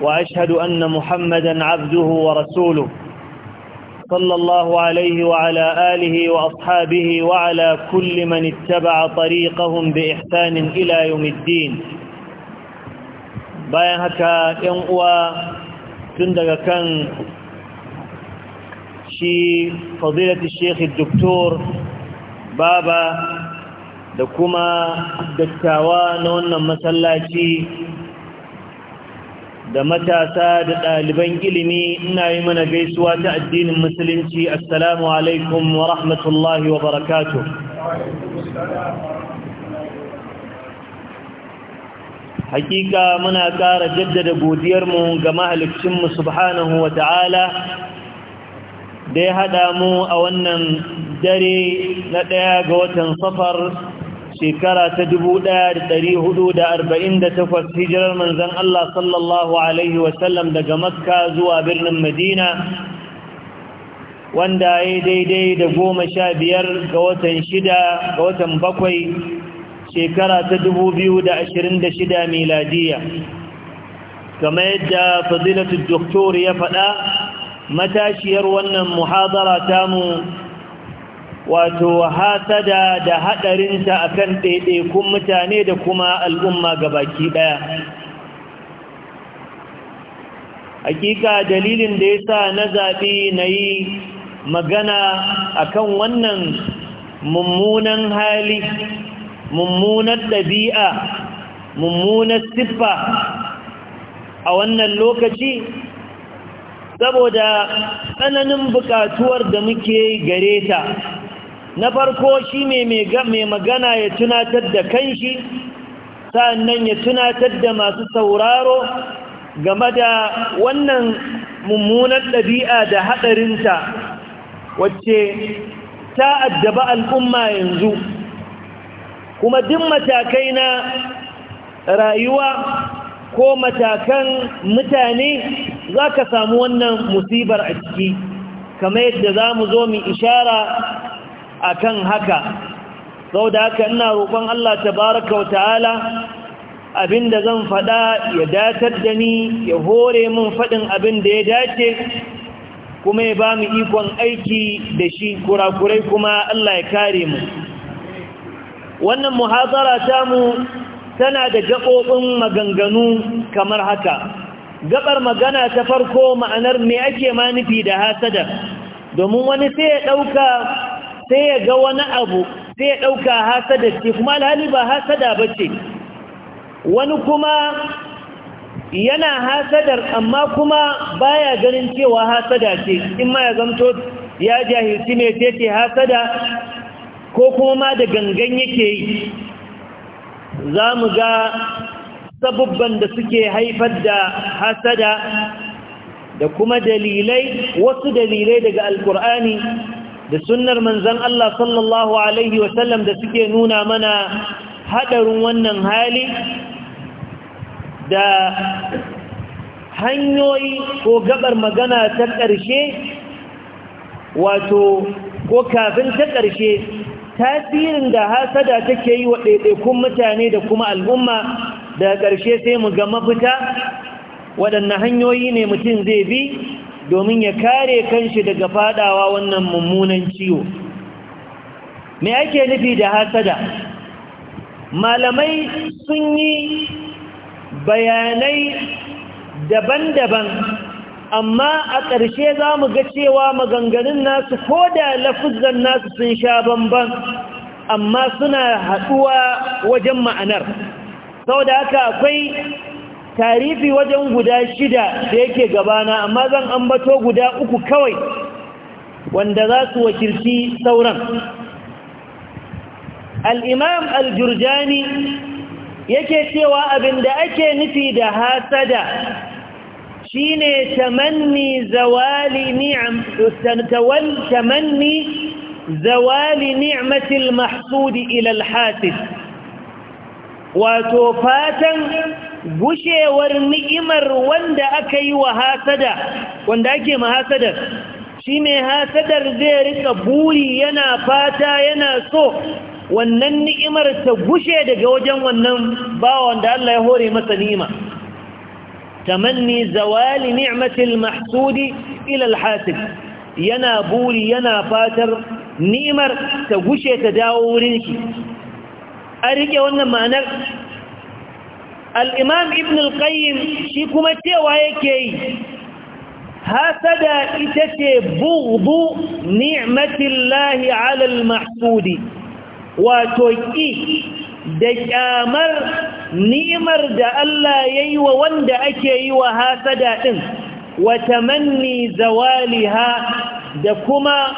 وأشهد أن محمدا عبده ورسوله صلى الله عليه وعلى آله وأصحابه وعلى كل من اتبع طريقهم بإحسان إلى يوم الدين bayan haka ‘yan uwa tun daga kan shi fadilati shekhi doktor baba da kuma dattawa na wannan masallaci da matasa da ɗaliban ilimi ina yi mana gaisuwa ta addinin musulunci assalamu alaikum wa rahmatullahi wa barakatu hakika muna ƙara jaddada godiyarmu ga mahalicinmu subhanahu wa ta'ala da ya haɗa mu a wannan dare na ɗaya ga watan safar shekara ta dubu ɗaya da da ɗari hudu arba'in takwas hijirar manzan Allah sallallahu Alaihi wasallam daga makka zuwa birnin madina wanda ya daidai da goma sha biyar ga watan shida ga watan bakwai shekara ta dubu biyu da da shida miladiya kama yadda fadilatul doktor ya faɗa matashiyar wannan muhadara tamu wato hasada da haɗarinta akan ɗaiɗaikun mutane da kuma al'umma gabaki ɗaya hakika dalilin da ya sa na zaɓi na yi magana akan wannan mummunan hali mummunar ɗabi'a mummunar siffa a wannan lokaci saboda tsananin buƙatuwar da muke gare ta na farko shi mai magana ya tunatar da kanshi sa'annan ya tunatar da masu sauraro game da wannan mummunan ɗabi'a da haɗarinta wacce ta addaba al'umma yanzu kuma duk matakai na rayuwa ko matakan mutane za ka samu wannan musibar a ciki kamar yadda za mu zo mu ishara akan haka saboda haka ina roƙon Allah tabaraka wa ta'ala abin da zan faɗa ya datar da ni ya hore min faɗin abin da ya dace kuma ya ba mu ikon aiki da shi kurakurai kuma Allah ya kare mu wannan muhazara mu tana da gaɓoɓin maganganu kamar haka gaɓar magana ta farko ma'anar me ake ma nufi da hasada domin wani sai ya ɗauka sai ya ga wani abu sai ya ɗauka hasada ce kuma alhali ba hasada ba ce wani kuma yana hasadar amma kuma baya ganin cewa hasada ce in ma ya zamto ya jahilci mai ce hasada ko kuma ma da gangan yake yi za mu ga sabubban da suke haifar da hasada da kuma dalilai wasu dalilai daga alkur'ani da sunnar manzan Allah sallallahu Alaihi wasallam da suke nuna mana haɗarin wannan hali da hanyoyi ko gabar magana ta ƙarshe wato ko kafin ta ƙarshe tasirin da hasada take yi wa ɗaiɗaikun mutane da kuma al'umma da ƙarshe sai mu ga mafita waɗanne hanyoyi ne mutum zai bi domin ya kare kanshi daga fadawa wannan mummunan ciwo me ake nufi da hasada malamai sun yi bayanai daban-daban amma a ƙarshe za mu ga cewa maganganun nasu ko da lafuzan nasu sun sha bamban amma suna haɗuwa wajen ma'anar sau da haka akwai tarifi wajen guda shida da yake gabana amma zan ambato guda uku kawai wanda za su wakilci sauran al'imam Aljurjani jurjani yake cewa abinda ake nufi da hasada shine tamanni zawali ni'am tawal tamanni zawali ni'mati al-mahsud ila hasid wato fatan gushewar ni'imar wanda aka yi wa hasada wanda ake mahasadar shi mai hasadar zai rika buri yana fata yana so wannan ni'imar ta gushe daga wajen wannan bawan wanda Allah ya hore masa ni'ima tamanni zawali ni'matil mahsudi ila alhasib yana buri yana fatar ni'imar ta gushe ta dawo wurin shi a rike wannan ma'anar al'imam ibn al-qayyim shi kuma cewa yake yi hasada ita ce bugbu ni'matillahi alal mahsudi wato ƙi da ƙyamar ni'imar da Allah ya yi wa wanda ake yi wa hasada ɗin wata manni zawaliha da kuma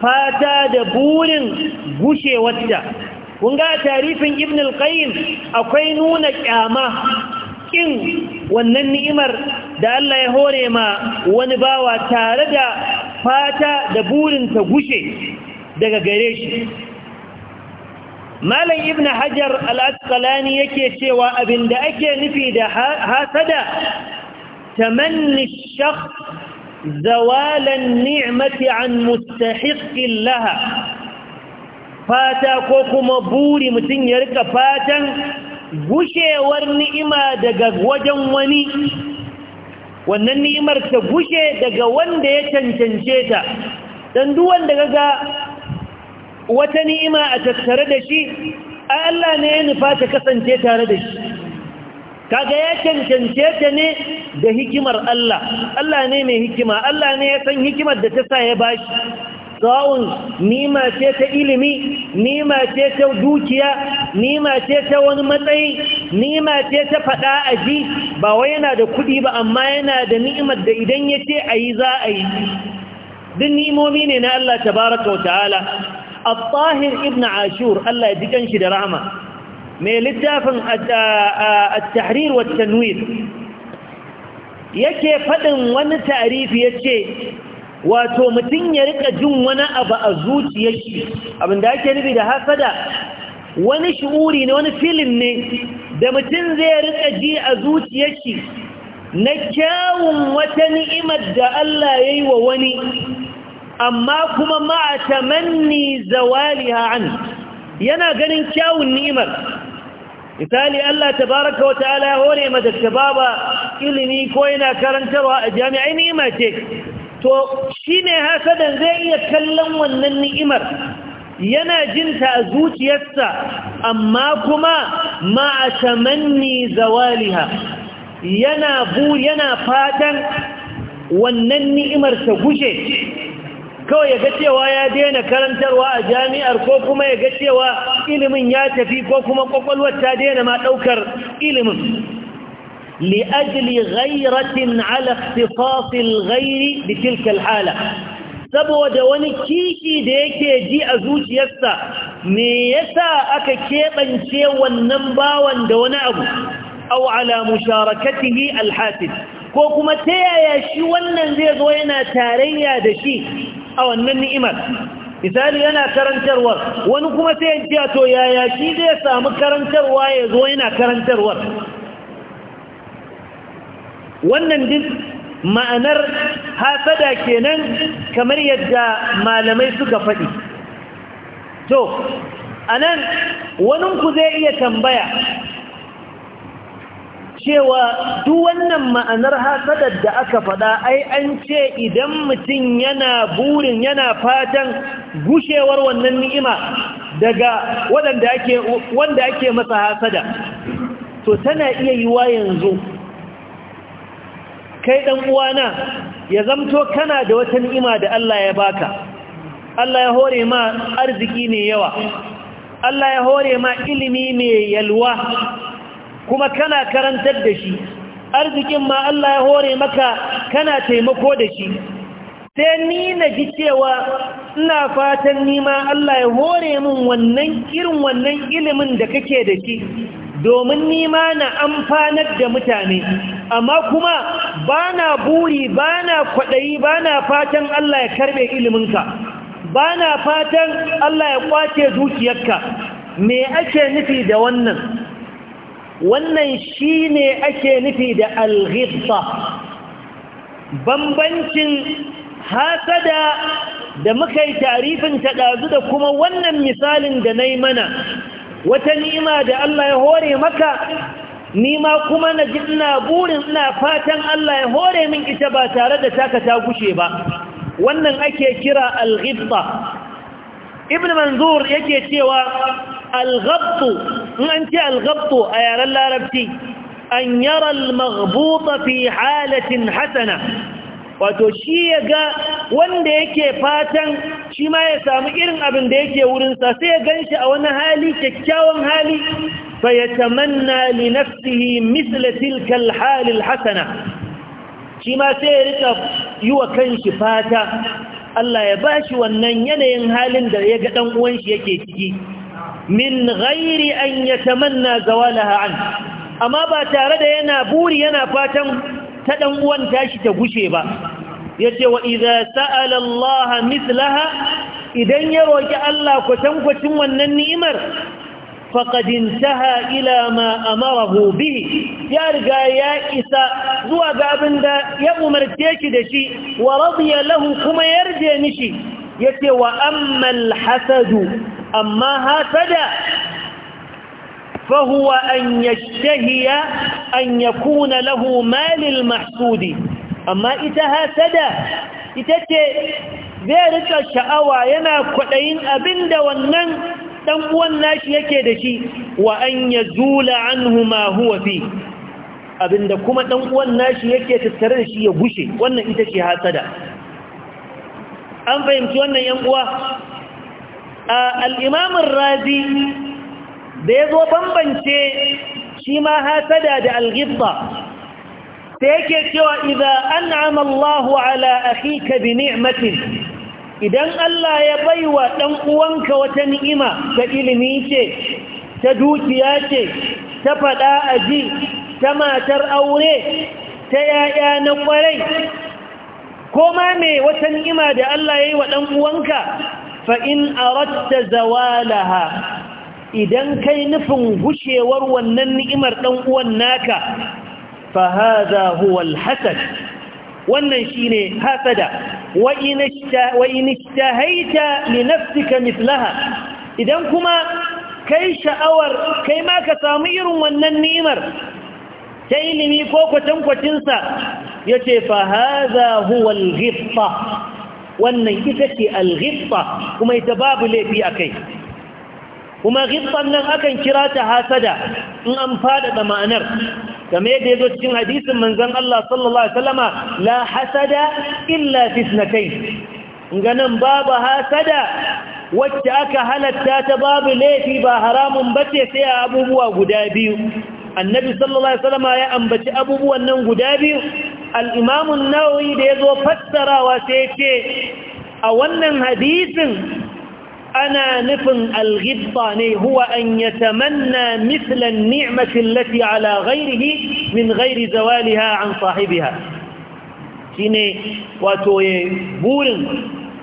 fata da burin gushewarta kunga a tarifin ibn al-qayyim akwai nuna kyama ƙin wannan ni'imar da Allah ya hore ma wani bawa tare da fata da burin ta gushe daga gare shi malam ibn hajar al-asqalani yake cewa abinda ake nufi da hasada tamanni shakhs zawalan ni'mati an mustahiqin laha fata ko kuma buri mutum ya rika fatan gushewar ni'ima daga wajen wani wannan ni'imar ta gushe daga wanda ya cancance ta dan duk wanda kaga wata ni'ima a tattare da shi Allah ne ya nufa ta kasance tare da shi kaga ya cancance ta ne da hikimar Allah Allah ne mai hikima Allah ne ya san hikimar da ta sa ya bashi sawun nima ce ta ilimi nima ce ta dukiya nima ce ta wani matsayi nima ce ta faɗa a ba wai yana da kuɗi ba amma yana da ni'imar da idan ya ce a yi za a yi duk ni'imomi ne na Allah tabaraka wa ta'ala al ibn ashur Allah ya ji shi da rahama mai littafin a tahrir wa tanwir yake faɗin wani tarifi yace wato mutum ya rika jin wani abu a zuciyar shi abinda ake nufi da hasada wani shuuri ne wani filin ne da mutum zai rika ji a zuciyar shi na kyawun wata ni'imar da Allah ya yi wa wani amma kuma ma'a tamanni zawaliha an yana ganin kyawun ni'imar misali Allah tabaraka wata'ala ya hore mata ta ilimi ko yana karantarwa a jami'ai ni'ima ce to shi ne hasadan zai iya kallon wannan ni'imar yana jinta a zuciyarsa amma kuma ma'a tamanni zawaliha yana bu yana fatan wannan ni'imar ta gushe kawai ya ga cewa ya daina karantarwa a jami'ar ko kuma ya ga cewa ilimin ya tafi ko kuma kwakwalwar ta daina ma ɗaukar ilimin لأجل غيرة على اختصاص الغير بتلك الحالة saboda wani kiki da yake ji a zuciyarsa me yasa aka keɓance wannan bawan da wani abu au ala musharakatihi alhasid ko kuma ta yaya shi wannan zai zo yana tarayya da shi a wannan ni'imar misali yana karantarwar wani kuma ta ya to yaya shi zai samu karantarwa ya zo yana karantarwar wannan duk ma'anar hasada kenan kamar yadda malamai suka faɗi to anan waninku zai iya tambaya cewa duk wannan ma'anar hasada da aka faɗa ai an ce idan mutum yana burin yana fatan gushewar wannan ni'ima daga wanda ake masa hasada to tana iya yiwa yanzu kai dan uwana ya zamto kana da wata ni'ima da Allah ya baka Allah ya hore ma arziki ne yawa Allah ya hore ma ilimi mai yalwa kuma kana karantar da shi arzikin ma Allah ya hore maka kana taimako da shi sai ni na ji cewa ina fatan ni ma Allah ya hore min wannan irin wannan ilimin da kake da shi domin ni ma na amfanar da mutane amma kuma ba na buri ba na kwaɗayi ba na fatan Allah ya karɓe iliminka ba na fatan Allah ya kwace zuciyarka. me ake nufi da wannan wannan shi ne ake nufi da alghissa bambancin hasada da muka yi tarifin taɗazu da kuma wannan misalin da na mana wata ni'ima da Allah ya hore maka ni ma kuma na ji ina burin ina fatan Allah ya hore min ita ba tare da taka ta gushe ba wannan ake kira al-ghibta ibn manzur yake cewa al-ghabtu in an ce al-ghabtu a yaren larabci an yara al-maghbuta fi halatin hasana wato shi ya ga wanda yake fatan shi ma ya samu irin abin da yake wurinsa sai ya ganshi a wani hali kyakkyawan hali Ba ya tamanna فيتمنى لنفسه مثل sai الحال الحسنة كما تيرك يو كان شفاتا الله يباش ونن ينين حال دا يغدان اوان شي yake ciki min ghairi an tamanna zawalaha an amma ba tare da yana buri yana fatan ta dan uwan ta gushe ba yace wa idza sa'ala Allah mithlaha idan ya roki Allah kwatankwacin wannan ni'imar فقد انتهى إلى ما أمره به يا رجاء يا إساء ذو أبابن دا يأمر تيكدشي ورضي له كما يرجى نشي يتي وأما الحسد أما هسد فهو أن يشتهي أن يكون له مال المحسود أما إتهاسد إتتي ذلك الشأوى ينا كعين أبند والنن ɗan uwan nashi yake da shi wa an ya anhu ma huwa fi abinda kuma ɗan uwan nashi yake tattare da shi ya gushe wannan ita ce hasada an fahimci wannan ‘yan uwa al'imamin razi da yazo zo bambance shi ma hasada da algibba ta yake cewa idan an amallahu ala akika bi ni'matin idan Allah ya baiwa ɗan uwanka wata ni'ima ta ilimi ce ta dukiya ce ta faɗa a aji ta matar aure ta yaya na ƙwarai ko ma me wata ni'ima da Allah ya yi wa ɗan uwanka fa in zawalaha idan kai nufin gushewar wannan ni'imar ɗan uwan naka fa ha huwa al-hasad wannan shine hasada wa in ishtahaita li nafsika idan kuma kai sha'awar kai ma ka samu irin wannan nimar ta ilimi ko kwatankwacinsa ya ce fa haza huwa al wannan ita ce al kuma ita babu laifi a kai kuma ghibban nan akan kira ta hasada in an faɗaɗa ma'anar game da ya zo cikin hadisin manzan Allah sallallahu alaihi wasallama la hasada illa fitnatai ganin babu hasada wacce aka halatta ta babu laifi ba haramun ba ce sai abubuwa guda biyu annabi sallallahu alaihi ya ambaci abubuwan nan guda biyu al-imam da ya da yazo fassarawa sai ce a wannan hadisin ana nufin alghibta ne huwa an ya tamanna an-ni'mati allati ala ghayrihi min ghairi zawaliha an sahibiha shine wato ye burin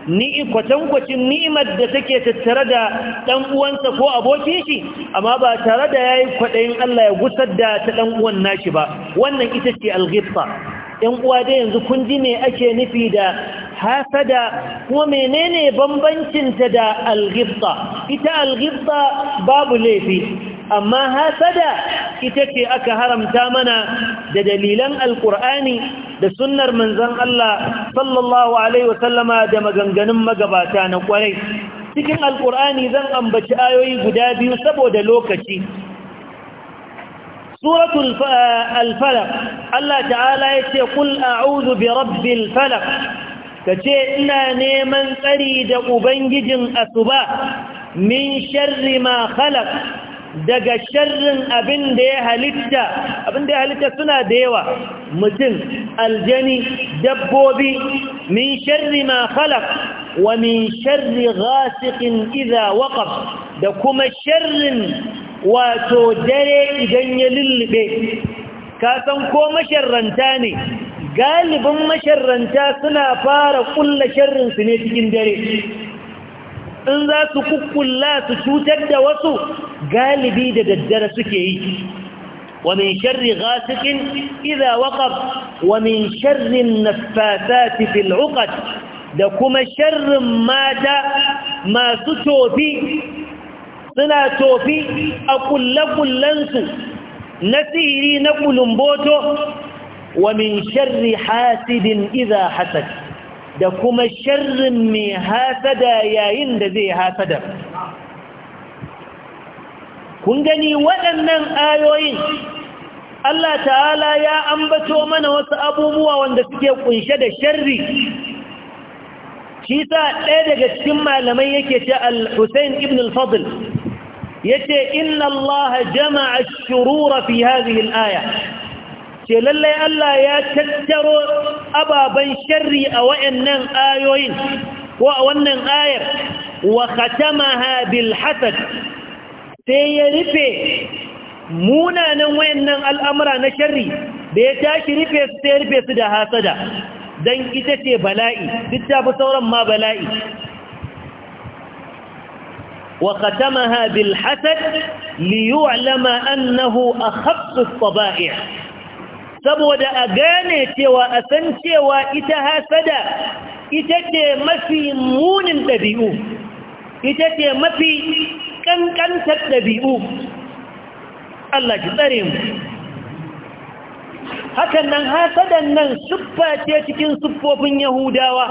ni kwatankwacin ni'imar da take tattare da dan uwansa ko abokin shi amma ba tare da yayi kwadayin Allah ya gusar da ta dan uwan nashi ba wannan ita ce alghibta ‘yan uwa dai yanzu kun ji me ake nufi da hasada kuma menene bambancinta da algibta ita algibta babu laifi amma hasada ita ce aka haramta mana da dalilan alkur'ani da sunnar manzon Allah sallallahu alaihi wasallama da maganganun magabata na kwarai cikin alkur'ani zan ambaci ayoyi guda biyu saboda lokaci suratul al-falaq Allah ta'ala yace qul a'udhu bi rabbil falaq kace ina neman tsari da ubangijin asuba min sharri ma khalaq daga sharrin abin da ya halitta abin da ya halitta suna da yawa mutum aljani dabbobi min sharri ma khalaq wa min sharri ghasiqin idha waqab da kuma sharrin wato dare idan ya lullube ka san ko masharranta ne galibin masharranta suna fara kulla sharrin su ne cikin dare in za su kukkulla su cutar da wasu galibi da daddare suke yi wa min sharri ghasiqin idha waqab wa min sharri naffasati fil 'uqad da kuma sharrin mata masu tofi suna tofi a kullakullansu na sihiri na kulumboto wa min sharri hasidin idha hasad da kuma sharrin mai hasada yayin da zai hasada kun gani waɗannan ayoyin Allah ta'ala ya ambato mana wasu abubuwa wanda suke kunshe da sharri shi ta ɗaya daga cikin malamai yake ce al-Husayn ibn al-Fadl yace inna Allaha jama'a shurura fi hadhihi aya ce lallai Allah ya tattaro ababen sharri a wayannan ayoyin ko a wannan ayar wa khatamaha bil hasad sai ya rufe munanan wayannan al'amura na sharri da ya tashi rufe su sai rufe su da hasada don ita ce bala'i duk ta fi sauran ma bala'i wa khatamaha bil hasad li annahu a at-taba'i' saboda a gane cewa a san cewa ita hasada ita ce mafi munin ɗabi'u, ita ce mafi ƙanƙantar ɗabi'u Allah ki tsare mu hakan nan hasadan nan suffa ce cikin siffofin yahudawa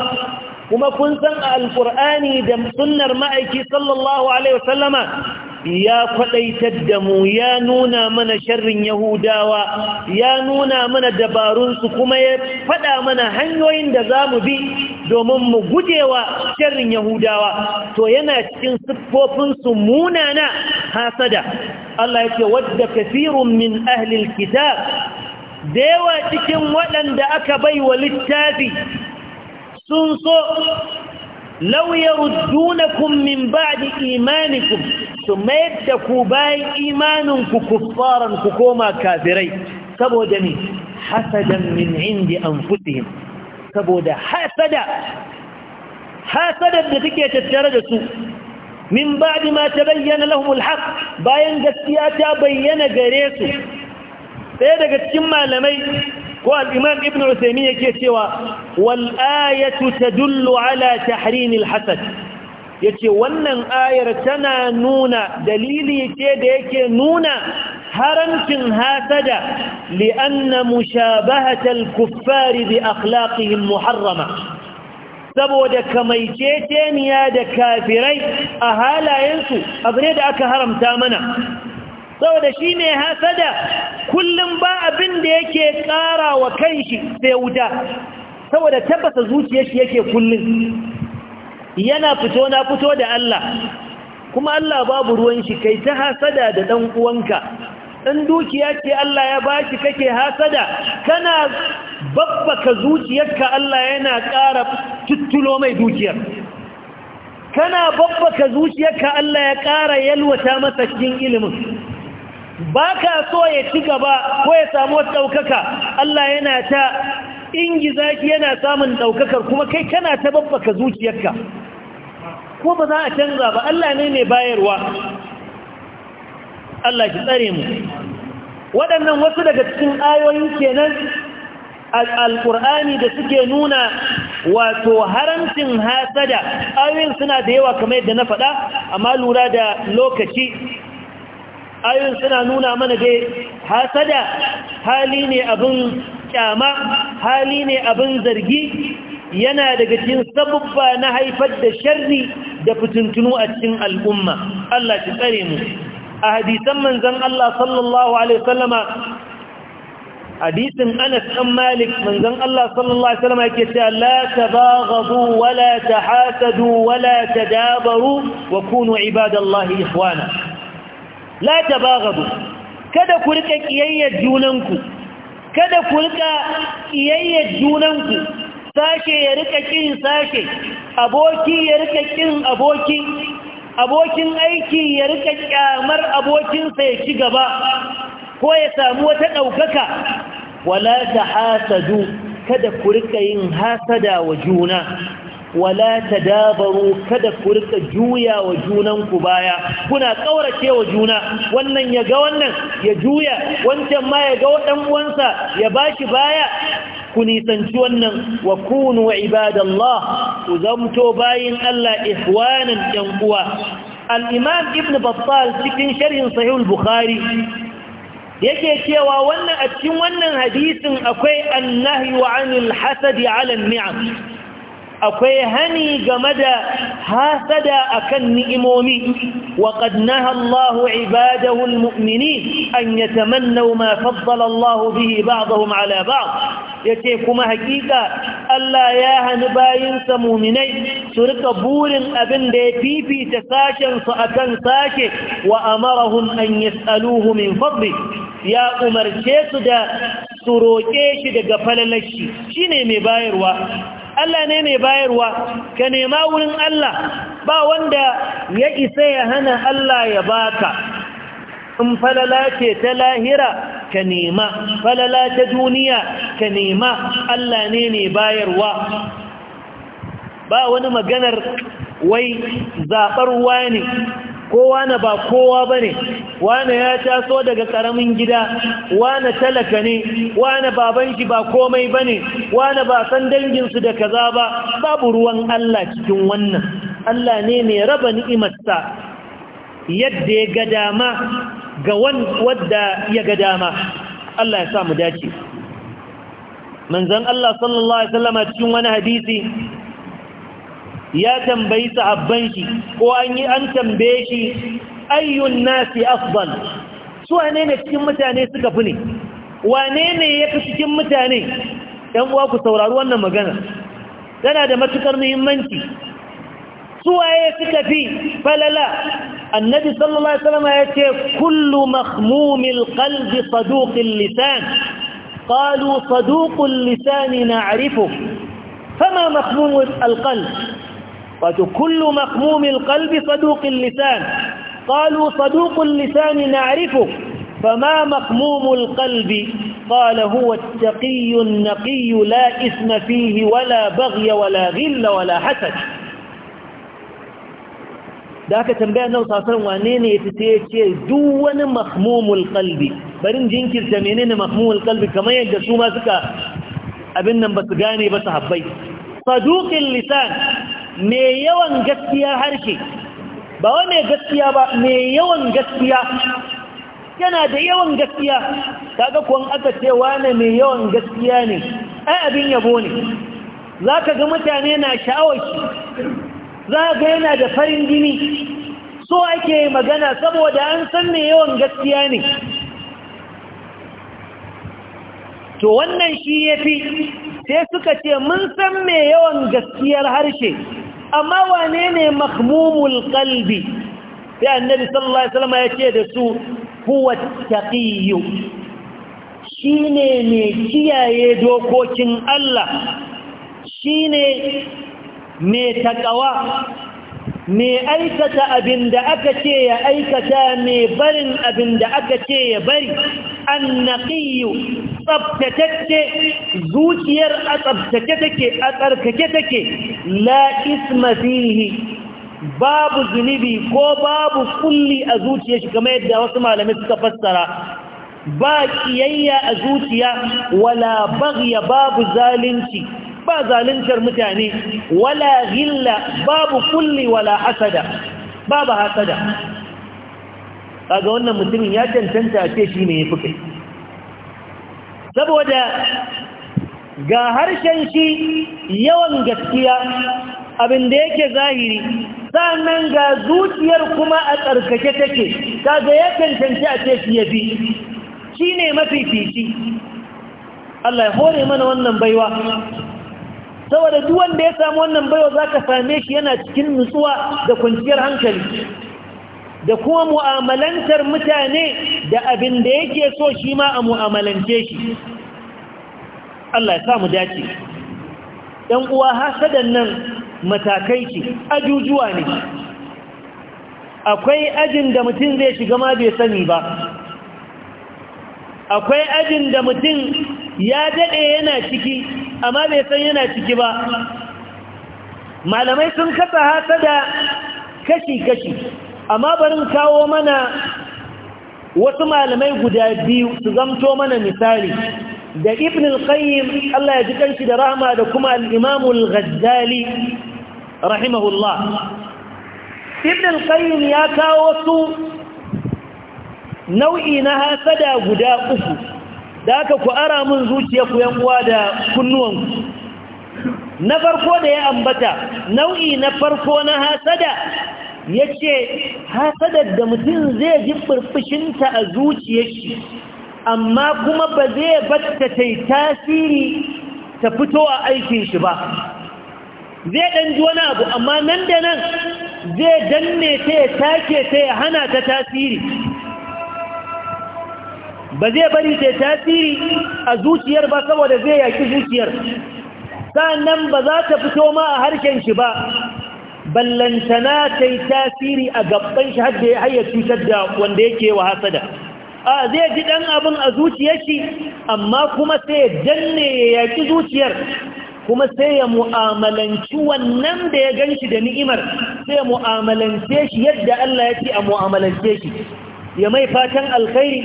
kuma kun san a alƙur'ani da sunnar ma'aiki sallallahu alaihi wasallama ya kwaɗaitar da mu ya nuna mana sharrin yahudawa ya nuna mana dabarunsu kuma ya faɗa mana hanyoyin da za mu bi domin mu gujewa sharrin Yahudawa to yana cikin siffofinsu munana hasada Allah yake wadda kafirun min ahli alkitab dewa cikin waɗanda aka baiwa littafi sun so law yarudunakum min ba'di imanikum mayar da ku imanunku kuffaran ku koma kafirai saboda ni hasadan min indi anfusihim saboda hasada hasadar da take tattare da su min ba'di ma tabayyana lahumul alhaq bayan gaskiya ta bayyana gare su sai daga cikin malamai ko al-imam ibn usaymin yake cewa wal ayatu tadullu ala tahrim alhasad yace wannan ayar tana nuna dalili ce da yake nuna haramcin hasada li'anna mushabahatal kuffari bi akhlaqihim muharrama saboda kamaiceceniya da kafirai a halayensu abu ne da aka haramta mana saboda shi ne hasada kullum ba abin da yake ƙara wa kanshi sai wuta saboda tabbata zuciyarshi yake kullum yana fito na fito da Allah kuma Allah babu ruwan shi kai ta hasada da ɗan uwanka in dukiya ce Allah ya bashi kake hasada kana babbaka zuciyarka Allah yana ƙara tuttulo mai dukiyar kana babbaka zuciyarka Allah ya ƙara yalwata masa cikin ilimin ba ka so ya ci gaba ko ya samu wata ɗaukaka Allah yana ta ingiza ki yana samun ɗaukakar kuma kai kana ta babbaka zuciyarka ko ba za a canza ba Allah ne mai bayarwa Allah shi tsare mu waɗannan wasu daga cikin ayoyin kenan alƙur'ani da suke nuna wato haramcin hasada ayoyin suna da yawa kamar yadda na faɗa amma lura da lokaci ayoyin suna nuna mana dai hasada hali ne abin kyama hali ne abin zargi yana daga cikin sabubba na haifar da sharri da fitintunu a cikin al'umma Allah shi tsare mu a hadisan manzan Allah sallallahu Alaihi wasallama hadisin Anas ɗan Malik manzan Allah sallallahu Alaihi wasallama yake cewa la tabaghadu wala ta tahasadu wala ta dabaru wa kunu ibadallahi ikhwana la tabaghadu kada ku rika kiyayyar junanku kada ku rika kiyayyar junanku sashe ya rika kin sashe aboki ya rika kin aboki abokin aiki ya rika kyamar abokinsa ya ci gaba ko ya samu wata ɗaukaka wala ta hasadu kada ku rika yin hasada wa juna wala ta dabaru kada ku rika juya wa junanku baya kuna ƙaurace wa juna wannan ya ga wannan ya juya wancan ma ya ga ɗan uwansa ya bashi baya ku nisanci wannan wa kunu ibadallah ku zamto bayin Allah ihwanan yan uwa al-imam ibn battal cikin sharhin sahih al-bukhari yake cewa wannan a cikin wannan hadisin akwai annahyu anil hasadi ala ni'am akwai hani game da hasada akan ni'imomi wa qad naha Allah ibadahu almu'minin an yatamannaw ma faddala Allah bihi ba'dahum ala ya yace kuma hakika Allah ya hani bayinsa mu'minai su rika burin abin da ya fifita sashen su akan sashe wa amarahum an yas'aluhu min fadli ya umarce su da su roƙe shi daga falalashi shi ne mai bayarwa Allah ne mai bayarwa ka nema wurin Allah ba wanda ya isa ya hana Allah ya baka in falala ce ta lahira ka nema falala ta duniya ka nema Allah ne mai bayarwa ba wani maganar wai zaɓar ne kowa na ba kowa ba ne wane ya taso daga ƙaramin gida wane talaka ne wane babanki ba komai ba ne wane ba san danginsu da kaza ba babu ruwan Allah cikin wannan Allah ne mai raba ni'imarsa yadda ya ga dama ga wadda ya ga dama Allah ya sa mu dace manzon Allah sallallahu alaihi wasallam cikin wani hadisi ya tambayi sahabban shi ko an yi an tambaye shi ayyun nasi afdal su wane ne cikin mutane suka fi ne wane ne ya fi cikin mutane ɗan uwa ku saurari wannan magana tana da matukar muhimmanci su waye suka fi falala annabi sallallahu alaihi wasallam ya ce kullu mahmumil qalbi saduqil lisan qalu saduqul lisan na'rifu fama mahmumul qalbi قالوا كل مخموم القلب صدوق اللسان قالوا صدوق اللسان نعرفه فما مخموم القلب قال هو التقي النقي لا إثم فيه ولا بغي ولا غل ولا حسد ذاك تنبيه النبي صلى الله عليه وسلم دون مخموم القلب برين جينكر تمنين مخموم القلب كما يجد شو ما سكا ابن نمبس غاني بس حبي صدوق اللسان mai yawan gaskiyar harshe ba wa mai gaskiya ba mai yawan gaskiya yana da yawan gaskiya Ta ga kuwan aka ce wane mai yawan gaskiya ne ai abin yabo ne za ka ga mutane na sha'awar shi za ga yana da farin jini so ake magana saboda an san mai yawan gaskiya ne to wannan shi ya fi sai suka ce mun san mai yawan gaskiyar harshe amma wane ne mahmumul kalbi sai annabi sallallahu alaihi wasallam ya ce da su huwa taqiyyu shine mai kiyaye dokokin Allah shine mai takawa mai aikata abin da aka ce ya aikata mai barin abin da aka ce ya bari annaqiyyu tsabtatacce zuciyar a tsabtace take a tsarkake take la isma babu zunubi ko babu kulli a zuciya shi kamar yadda wasu malamai suka fassara ba kiyayya a zuciya wala baghya babu zalunci ba zaluntar mutane wala ghilla babu kulli wala hasada babu hasada kaga wannan mutumin ya cancanta a ce shi yafi kai saboda ga harshen shi yawan gaskiya abin da yake zahiri sannan ga zuciyar kuma a tsarkake take kaga ya cancanci a ce shi bi shi ne mafifici Allah ya hore mana wannan baiwa saboda duk wanda ya samu wannan baiwa zaka same shi yana cikin nutsuwa da kwanciyar hankali da kuma mu'amalantar mutane da abin da yake so shi ma a mu'amalance shi Allah ya samu dace ɗan uwa hasadan nan matakai ce ajujuwa ne akwai ajin da mutum zai shiga ma bai sani ba akwai ajin da mutum ya daɗe yana ciki amma bai san yana ciki ba malamai sun kasa hasada kashi-kashi amma barin kawo mana wasu malamai guda biyu su zamto mana misali da ibn al-qayyim Allah ya ji kanshi da rahama da kuma al-imam al-ghazzali rahimahullah ibn al-qayyim ya kawo wasu nau'i na hasada guda uku da aka ku ara mun zuciya ku yan uwa da kunnuwanku na farko da ya ambata nau'i na farko na hasada ya ce hasadar da mutum zai ji furfushinta a zuciyar shi amma kuma ba zai batta ta yi tasiri ta fito a aikin shi ba zai ɗan ji wani abu amma nan da nan zai danne ta ya take ta ya hana ta tasiri ba zai bari ta tasiri a zuciyar ba saboda zai yaki zuciyar sa'an nan ba za ta fito ma a harshen shi ba ballantana ta yi tasiri a gaban shi hadda ya hayar cutar da wanda yake wa hasada a zai ji ɗan abin a zuciyar shi amma kuma sai ya danne ya yaki zuciyar kuma sai ya mu'amalanci wannan da ya gan shi da ni'imar sai ya mu'amalance shi yadda Allah ya ce a mu'amalance shi ya mai fatan alkhairi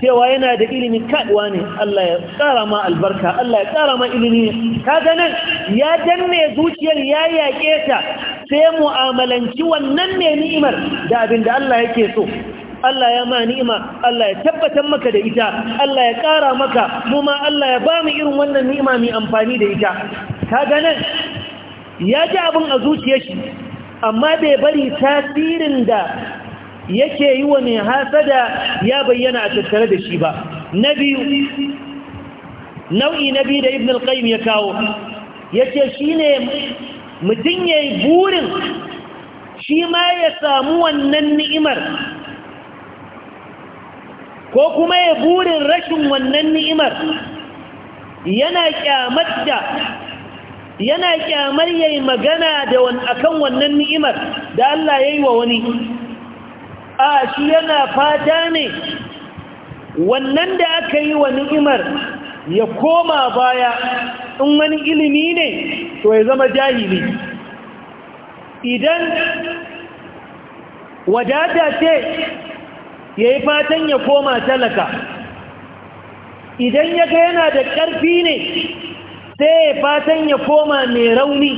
cewa yana da ilimi kaɗuwa ne Allah ya ƙara ma albarka Allah ya ƙara ma ilimi kaga nan ya danne zuciyar ya yaƙe ta sai mu'amalanci wannan ne ni'imar da abin da Allah yake so Allah ya ma ni'ima Allah ya tabbatar maka da ita Allah ya ƙara maka mu ma Allah ya ba mu irin wannan ni'ima mai amfani da ita kaga nan ya ji abin a zuciyar shi amma bai bari tasirin da yake yi wa mai hasada ya bayyana a tattare da shi ba na biyu nau'i na biyu da ibn al-qayyim ya kawo yace shine mutum yi burin shi ma ya samu wannan ni'imar ko kuma ya burin rashin wannan ni'imar yana kyamar da yana kyamar yayi magana da akan wannan ni'imar da Allah yayi wa wani a shi yana fata ne wannan da aka yi wa ni'imar ya koma baya in wani ilimi ne to ya zama jahili idan wadata ce ya yi fatan ya koma talaka idan ya yana da ƙarfi ne sai ya fatan ya koma mai rauni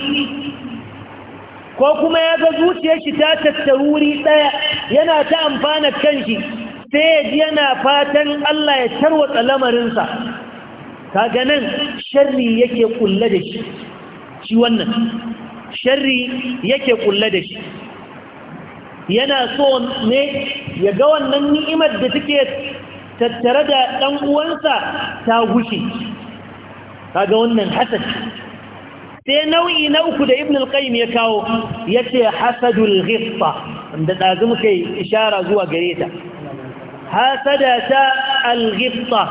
ko kuma ya ga zuciyar shi ta tattaru wuri ɗaya yana ta amfana kanshi sai ya ji yana fatan Allah ya tarwatsa lamarinsa kaga nan sharri yake kulle da shi shi wannan sharri yake kulle da shi yana so ne ya ga wannan ni'imar da take tattare da ɗan uwansa ta gushe kaga wannan hasad sai nau'i na uku da ibn al-qayyim ya kawo yace hasadul ghifta inda dazu muka ishara zuwa gare ta hasada ta al-ghifta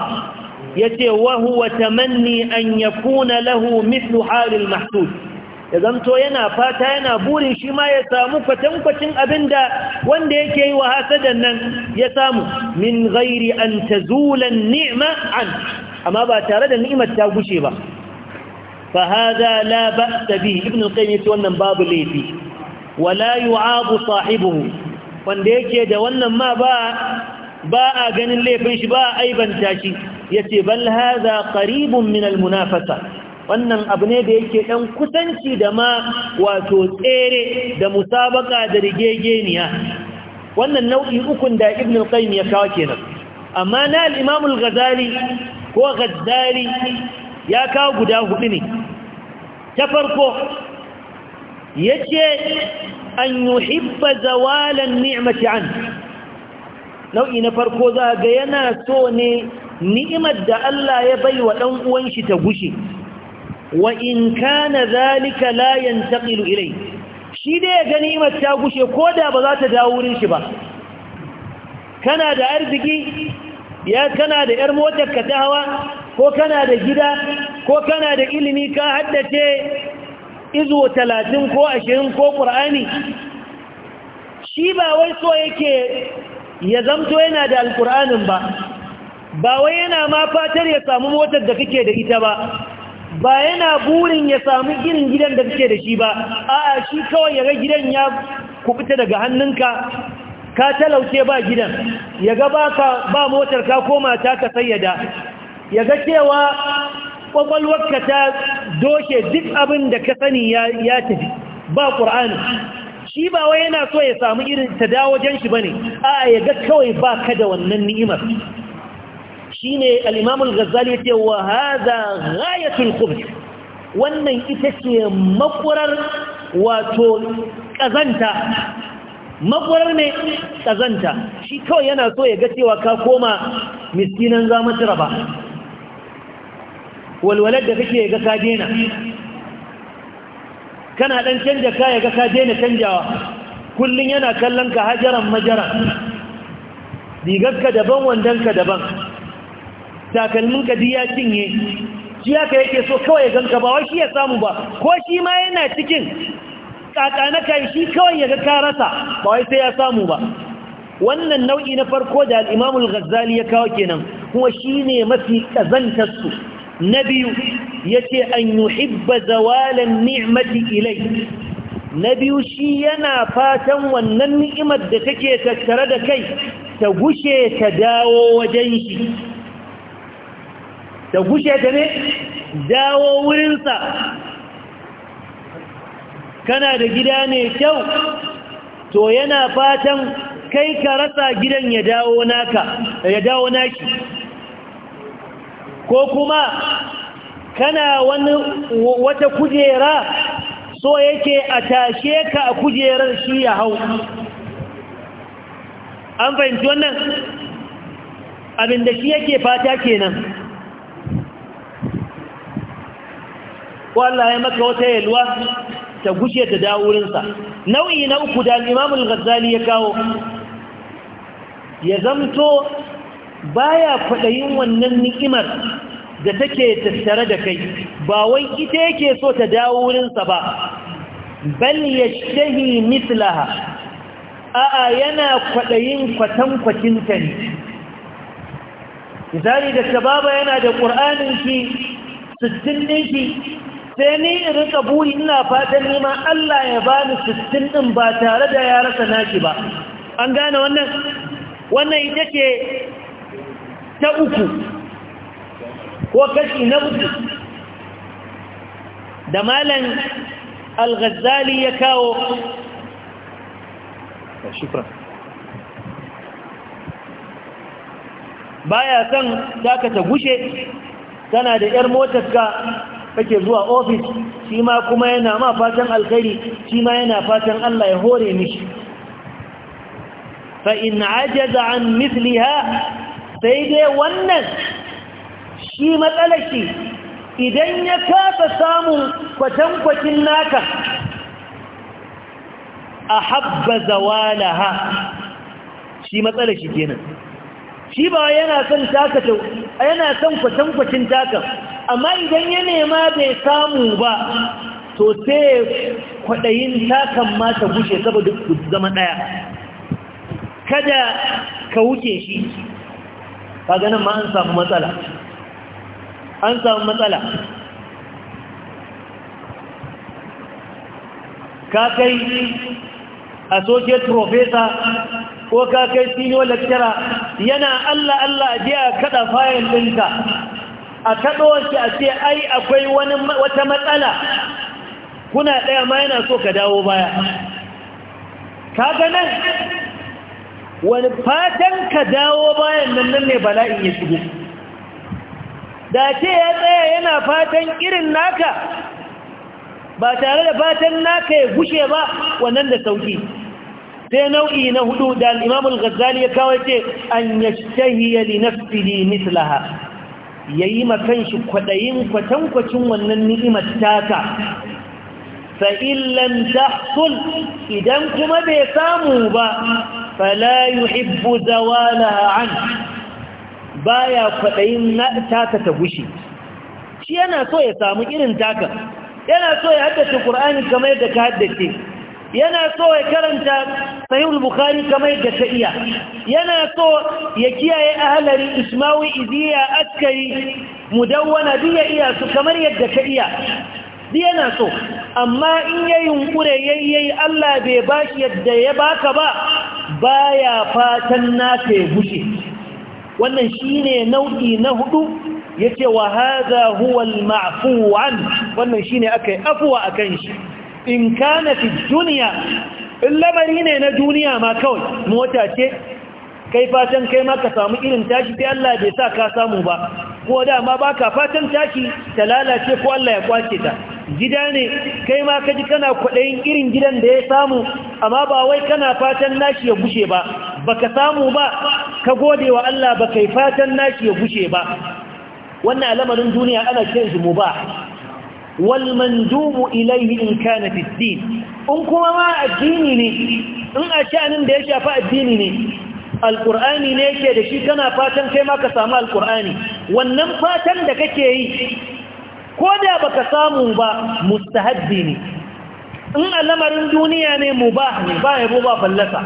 yace wa huwa tamanni an yakuna lahu mithlu hal al-mahsud ya zamto yana fata yana burin shi ma ya samu kwatankwacin abinda wanda yake yi wa hasadan nan ya samu min ghairi an tazula an-ni'ma an amma ba tare da ni'imar ta gushe ba fa hada la ibn al-qayyim yace wannan babu laifi Walayu Abu Sa'ibu, wanda yake da wannan ma ba ganin laifin shi ba a aibanta shi yace bal hada qaribun min al-munafasa wannan abu ne da yake ɗan kusanci da ma wato tsere da musabaƙa da rigegeniya wannan nau'i ukun da ibn al-qayyim ya kawo kenan amma na Al'imamul imam ghazali ko ghazzali ya kawo guda hudu ne ta farko ya ce an yi hibba zawalan ni'amati an nau'i na farko za ga yana so ne ni'imar da Allah ya bai wa ɗan uwan shi ta gushe wa in kana zalika la yantaqilu ilai shi dai ya ga ni'imar ta gushe ko da ba za ta dawo wurin shi ba kana da arziki ya kana da yar motar ka ta hawa ko kana da gida ko kana da ilimi ka haddace izo talatin ko ashirin ko ƙur'ani shi ba wai so yake ya zamto yana da alƙur'anin ba ba wai yana ma fatar ya samu motar da kake da ita ba ba yana burin ya samu irin gidan da kake da shi ba a'a shi kawai ya ga gidan ya kubuta daga hannunka ka talauce ba gidan ya ga ba motar ka koma ta ka sayyada ya ga cewa kwakwalwarka ta doke duk abin da ka sani ya tafi ba ƙur'ani shi ba wai yana so ya samu irin ta dawo jan shi ba ne a ya ga kawai ba ka da wannan ni'imar shi ne al'imamul gazali ce wa haza ghayatul wannan ita ce makurar wato ƙazanta makwarar mai ƙazanta shi kawai yana so ya ga cewa ka koma miskinan zamatira ba walwalar da kake ga ka dena kana ɗan canja ka ya ga ka dena canjawa kullum yana kallon ka hajaran majaran ka daban wandonka daban takalmin ka ya cinye shi haka yake so kawai ganka ba wai shi ya samu ba ko shi ma yana cikin kaka na kai shi kawai ya ga karasa ba wai sai ya samu ba wannan nau'i na farko da al'imamul ghazali ya kawo kenan kuma shi ne mafi ƙazantarsu na biyu ya ce an yi hibba zawalan ni'mati ilai na biyu shi yana fatan wannan ni'imar da take tattare da kai ta gushe ta dawo wajen shi ta gushe ta ne dawo wurinsa kana da gida ne kyau to yana fatan kai ka rasa gidan ya dawo naka ya dawo naki ko kuma kana wani wata kujera so yake a tashe ka a kujerar shi ya hau an fahimci wannan abin da shi yake fata kenan ko Allah maka wata yalwa ta gushe ta dawo wurinsa nau'i na uku da al'imam al-ghazali ya kawo ya zamto baya kwaɗayin wannan ni'imar da take tattare da kai ba wai ita yake so ta dawo wurinsa ba bal yashtahi mislaha. a'a yana kwaɗayin kwatankwacin ta ne misali da tababa yana da ƙur'anin ki sittin ɗinki sai ni in rika buri ina fatan nima Allah ya bani sittin ɗin ba tare da ya rasa naki ba an gane wannan wannan ita ce ta uku ko kashi na uku da malam al-ghazali ya kawo baya son taka ta gushe tana da 'yar motarka kake zuwa ofis shi ma kuma yana ma fatan alkhairi shi ma yana fatan Allah ya hore mishi fa in ajaza an mithliha sai dai wannan shi matsalar idan ya kasa samun kwatankwacin naka a habba zawalaha shi matsalar shi kenan shi ba yana son taka yana son kwatankwacin takan amma idan ya nema bai samu ba to sai kwaɗayin takan ma ta gushe saboda ku zama ɗaya kada ka wuce shi kaga nan ma an samu matsala an samu matsala ka kai associate professor ko ka kai senior lecturer yana Allah Allah je a kada fayil ɗinka a kaɗo shi a ce ai akwai wata matsala kuna ɗaya ma yana so ka dawo baya kaga nan wani fatan ka dawo bayan nan nan ne bala'in ya shigo da ce ya tsaya yana fatan irin naka ba tare da fatan naka ya gushe ba wannan da sauki sai nau'i na hudu da al'imamul ghazali ya kawo ce an yashtahiya li nafsihi mislaha ya yi makanshi kwaɗayin kwatankwacin wannan ni'imar taka fa'illan sun, idan kuma bai samu ba fala yuhibbu zawala an baya kwaɗayin taka ta gushi shi yana so ya samu irin taka yana so ya haddace ƙur'ani kamar da ka haddace yana so ya karanta sahihul bukhari kamar yadda ta iya yana so ya kiyaye ahlari ismawi iziya askari mudawwana duk ya iya su kamar yadda ta iya duk yana so amma in ya yunkure yayi Allah bai bashi yadda ya baka ba baya fatan naka ya gushe wannan shine nau'i na hudu yace wa hadha huwa al-ma'fu an wannan shine akai afwa akan shi in kana fi duniya in lamari ne na duniya ma kawai mota ce kai fatan kai ma ka samu irin tashi sai Allah bai sa ka samu ba ko dama ba ka fatan tashi ta lalace ko Allah ya kwace ta gida ne kai ma kaji kana kwaɗayin irin gidan da ya samu amma ba wai kana fatan nashi ya bushe ba baka samu ba ka gode wa Allah baka kai fatan nashi ya bushe ba wannan lamarin duniya ana ce zumu ba walmandubu mandubu ilayhi in kana fi din in kuma ma addini ne in a sha'anin da ya shafi addini ne alqur'ani ne yake da shi kana fatan kai ma ka samu alqur'ani wannan fatan da kake yi ko da baka samu ba mustahabbi ne in al'amarin duniya ne mubah ne ba yabo ba fallasa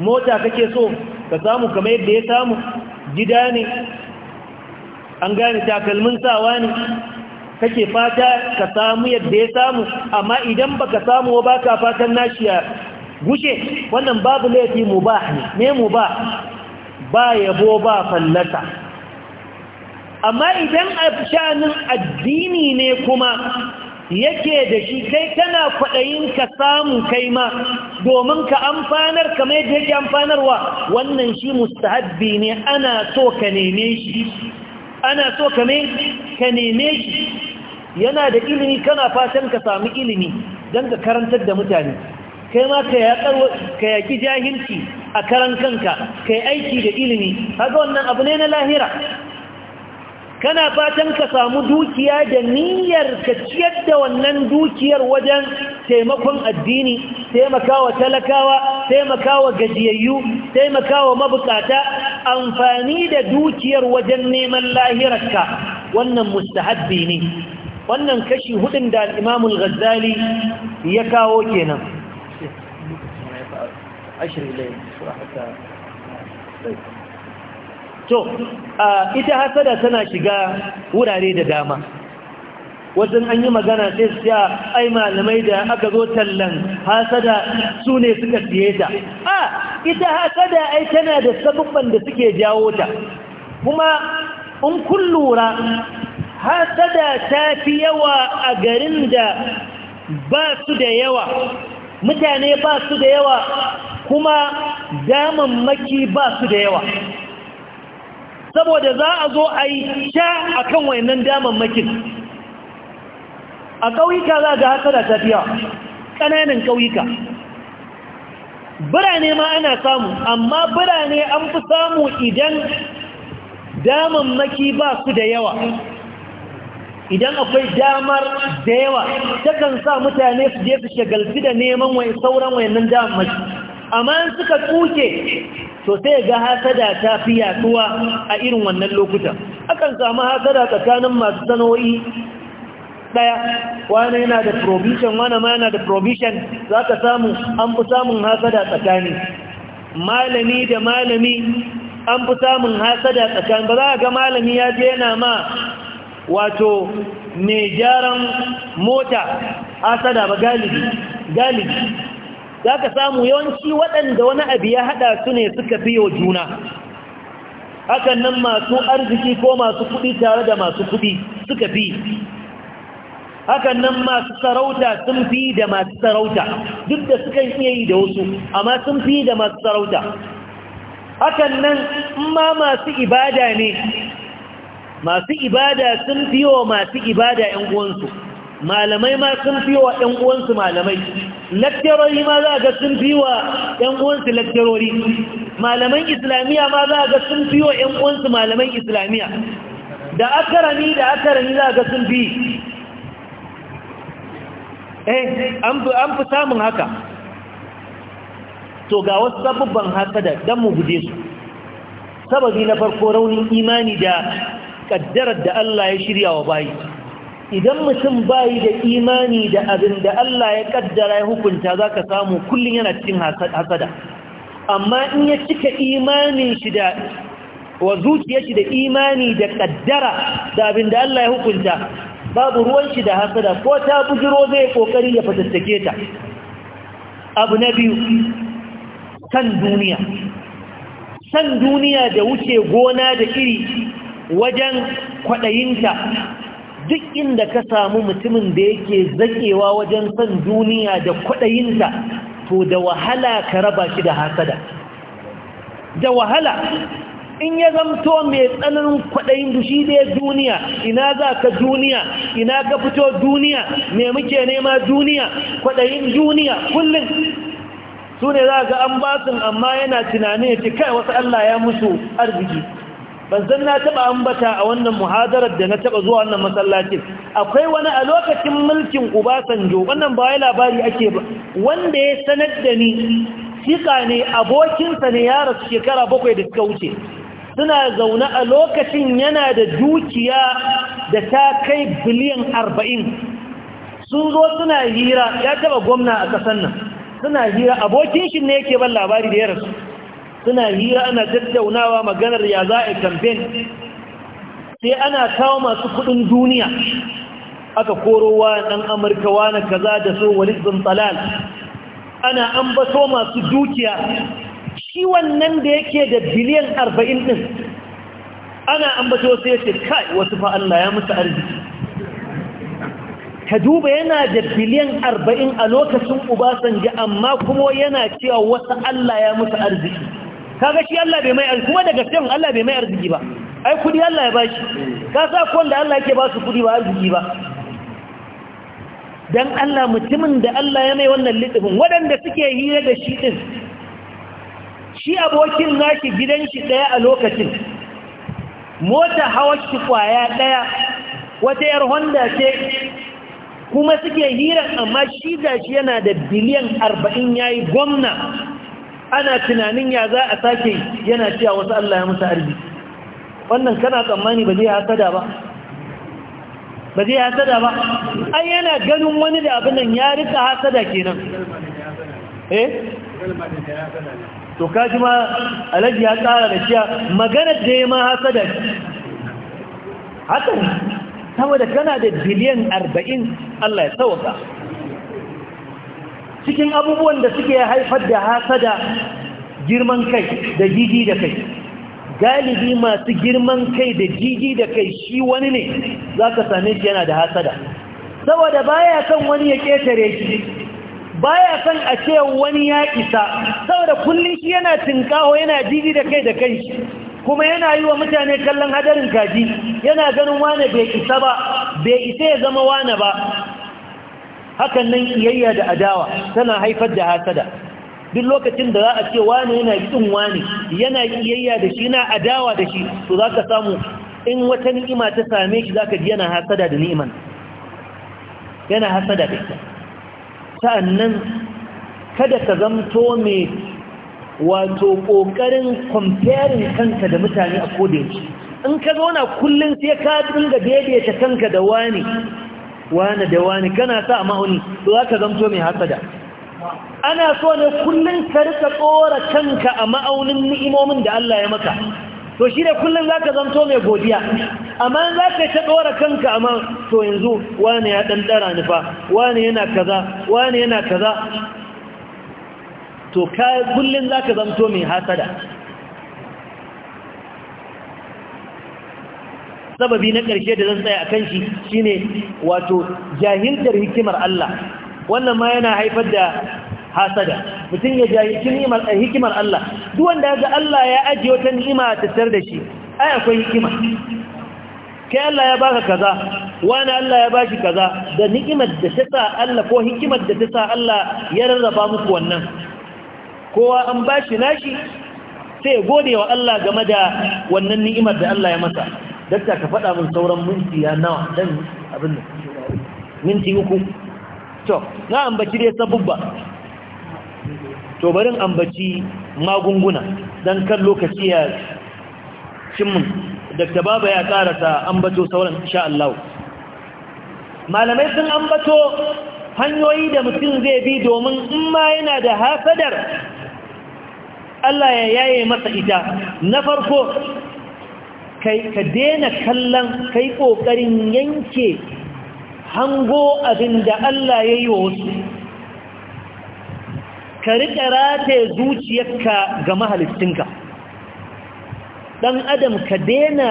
mota kake so ka samu kamar yadda ya samu gida ne an gane takalmin sawa ne kake fata ka samu yadda ya samu amma idan baka samu ba ka fatan nashi ya gushe wannan babu laifi mu ne me mubah ba yabo ba fallata amma idan a sha'anin addini ne kuma yake da shi kai kana kwaɗayin ka samu kai ma domin ka amfanar kamar yadda yake amfanarwa wannan shi mustahabbi ne ana so ka neme shi ana so ka neme shi yana da ilimi kana fatan ka sami ilimi don ka karantar da mutane kai ma ka yaki jahilci a karan kanka ka yi aiki da ilimi haka wannan abu ne na lahira kana fatan ka samu dukiya da niyyar ka ciyar da wannan dukiyar wajen taimakon addini taimakawa talakawa taimakawa gajiyayyu taimakawa mabukata amfani da dukiyar wajen neman lahirarka wannan mustahabbi ne wannan kashi hudun da al'imamul gazzali ya kawo kenan to ita hasada tana shiga wurare da dama wajen an yi magana sai su ya ai malamai da aka zo tallan hasada su ne suka siye ta a ita hasada ai tana da sabubban da suke jawo ta kuma in kun lura hasada ta fi yawa a garin da ba su da yawa mutane ba su da yawa kuma damammaki ba su da yawa saboda za a zo a yi sha a kan wayannan damammakin a ƙauyuka za ga hasada ta fi yawa ƙananan ƙauyuka birane ma ana samu amma birane an fi samu idan damammaki ba su da yawa idan akwai damar da yawa takan sa mutane su je su shagalci da neman wai sauran wayannan damar amma in suka kuce to sai ga hasada ta fi yaduwa a irin wannan lokutan akan samu hasada tsakanin masu sanoyi daya wani yana da provision wani ma yana da provision za ka samu an fi samun hasada tsakani malami da malami an fi samun hasada tsakani ba za a ga malami ya je yana ma wato mai gyaran mota asada ba galibi galibi za ka samu yawanci waɗanda wani abu ya haɗa su ne suka fi yau juna hakan nan masu arziki ko masu kuɗi tare da masu kuɗi suka fi hakan nan masu sarauta sun fi da masu sarauta duk da suka iya yi da wasu amma sun fi da masu sarauta hakan nan ma masu ibada ne masu ibada sun fi wa masu ibada ‘yan uwansu malamai ma sun fi wa ‘yan uwansu malamai lakcarori ma za ga sun fi wa ‘yan uwansu lakcarori malaman islamiyya ma za ga sun fi wa ‘yan uwansu malaman islamiyya da akarami da akarami za ga sun fi eh an fi samun haka to ga wasu sabubban haka da don mu guje su sababi na farko raunin imani da kaddarar da Allah ya shirya wa bayi idan mutum bayi da imani da abin da Allah ya kaddara ya hukunta za ka samu kullum yana cikin hasada amma in ya cika imanin shi da wa zuciya shi da imani da kaddara da abin da Allah ya hukunta babu ruwan shi da hasada ko ta bujiro zai kokari ya fatattake ta abu na biyu san duniya san duniya da wuce gona da iri wajen kwaɗayinta duk inda ka samu mutumin da yake zaƙewa wajen son duniya da kwaɗayinta to da wahala ka raba shi da hasada da wahala in ya zamto mai tsananin kwaɗayin dushi ne duniya ina za ka duniya ina ga fito duniya me muke nema duniya kwaɗayin duniya kullum su ne za ga an amma yana tunanin ya ce kai wasu Allah ya musu arziki ban san na taba ambata a wannan muhadarar da na taba zuwa wannan masallacin akwai wani a lokacin mulkin Ubasanjo wannan ba wai labari ake ba wanda ya sanar da ni shika ne abokinsa ne ya rasu shekara bakwai da suka wuce suna zaune a lokacin yana da dukiya da ta kai biliyan arba'in sun zo suna hira ya taba gwamna a ƙasar nan suna hira abokin shi ne yake ban labari da ya rasu suna hira ana tattaunawa maganar ya za a kamfen sai ana kawo masu kudin duniya aka korowa ɗan amurka wani kaza da so wani tsalal ana ambato masu dukiya shi wannan da yake da biliyan arba'in ɗin ana ambato sai ce kai wasu Allah ya musu arziki ka duba yana da biliyan arba'in a lokacin ubasanji amma kuma yana cewa wasu Allah ya musu arziki kaga shi Allah bai mai arziki kuma daga gaskiya Allah bai mai arziki ba ai kudi Allah ya bashi ka sa ko da Allah yake ba su kudi ba arziki ba dan Allah mutumin da Allah ya mai wannan litafin waɗanda suke hira da shi din shi abokin naki gidan shi daya a lokacin mota hawa shi kwaya daya wata yar Honda ce kuma suke hira amma shi da shi yana da biliyan 40 yayi gwamna ana tunanin ya za a sake yana cewa wasu Allah ya musu arziki wannan kana tsammani ba zai hasada ba ba zai hasada ba ai yana ganin wani da abin nan ya rika hasada kenan eh to kaji ma alaji ya tsara da cewa maganar da ya ma hasada hakan saboda kana da biliyan arba'in Allah ya sauka cikin abubuwan da suke haifar da hasada girman kai da jiji da kai galibi masu girman kai da jiji da kai shi wani ne za ka same shi yana da hasada saboda baya kan wani ya ƙetare shi baya kan a ce wani ya isa saboda kullum shi yana tinkawo yana jiji da kai da kai shi kuma yana yi wa mutane kallon hadarin kaji yana ganin wane bai isa ba bai isa ya zama wane ba hakan nan kiyayya da adawa tana haifar da hasada duk lokacin da za a ce wani yana kin wani yana iyayya da shi na adawa da shi to za ka samu in wata ni'ima ta same shi za ka ji yana hasada da ni'iman yana hasada da ita sa'annan kada ka zamto mai wato ƙoƙarin comparing kanka da mutane a kodayaushe in ka zauna kullum sai ka dinga daidaita kanka da wani wane da wane kana sa ma'auni to za ka zamto mai hasada ana so ne kullum ka rika tsora kanka a ma'aunin ni'imomin da Allah ya maka to shi ne kullum za ka zamto mai godiya amma za ka ta tsora kanka a to yanzu wane ya ɗanɗara nufa wane yana kaza wane yana kaza to kullum za ka zamto mai hasada sababi na ƙarshe da zan tsaya a kan shi shine wato jahiltar hikimar Allah wannan ma yana haifar da hasada mutum ya jahilci eh, hikimar Allah duk wanda ga Allah ya ajiye wata ni'ima a tattar da shi ai akwai hikima kai Allah ya baka kaza wani Allah ya bashi kaza da ni'imar da ta sa Allah ko hikimar da ta sa Allah ya rarraba muku wannan kowa an bashi nashi sai ya gode wa Allah game da wannan ni'imar da Allah ya masa dakta ka faɗa min sauran minti ya nawa dan abin nan minti uku to na ambaci dai sabubba to barin ambaci magunguna dan kan lokaci ya cimmin dakta baba ya karata ambato sauran insha Allah malamai sun ambato hanyoyi da mutum zai bi domin in ma yana da hasadar Allah ya yaye masa ita na farko kai ka daina kallon kai ƙoƙarin yanke hango abin da Allah ya yi wa wasu ka riƙa rataye zuciyarka ga mahalittinka ɗan adam ka daina